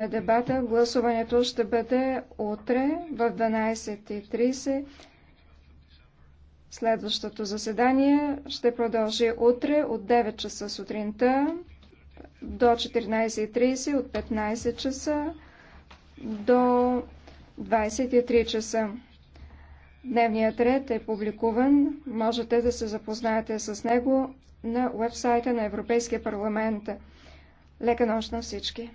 на дебата. Гласуването ще бъде утре в 12.30. Следващото заседание ще продължи утре от 9 часа сутринта до 14.30, от 15 часа до 23 часа. Дневният ред е публикуван. Можете да се запознаете с него на вебсайта на Европейския парламент. Лека нощ на всички!